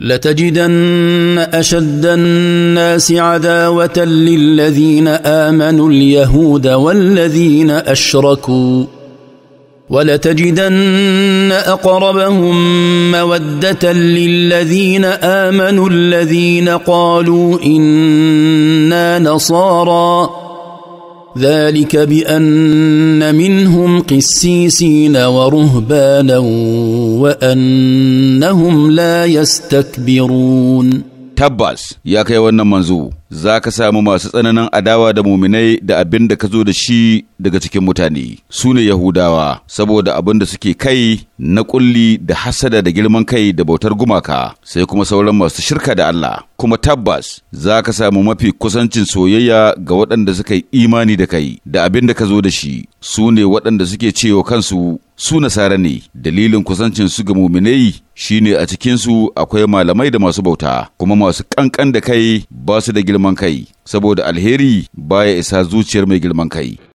لتجدن اشد الناس عداوه للذين امنوا اليهود والذين اشركوا ولتجدن اقربهم موده للذين امنوا الذين قالوا انا نصارى ذلك بان منهم قسيسين ورهبانا وانهم لا يستكبرون tabbas يا kai wannan za ka samu masu tsananin adawa da muminai da abin da ka zo da shi daga cikin mutane su ne yahudawa saboda abin da suke kai na kulli da hasada da girman kai da bautar gumaka sai kuma sauran masu shirka da Allah kuma tabbas za ka samu mafi kusancin soyayya ga waɗanda suka yi imani da kai da abin da ka zo da shi su ne waɗanda suke cewa kansu su nasara ne dalilin kusancin su ga muminai shine a cikinsu akwai malamai da masu bauta kuma masu kankan da kai ba su da girman kai saboda alheri baya isa zuciyar mai girman kai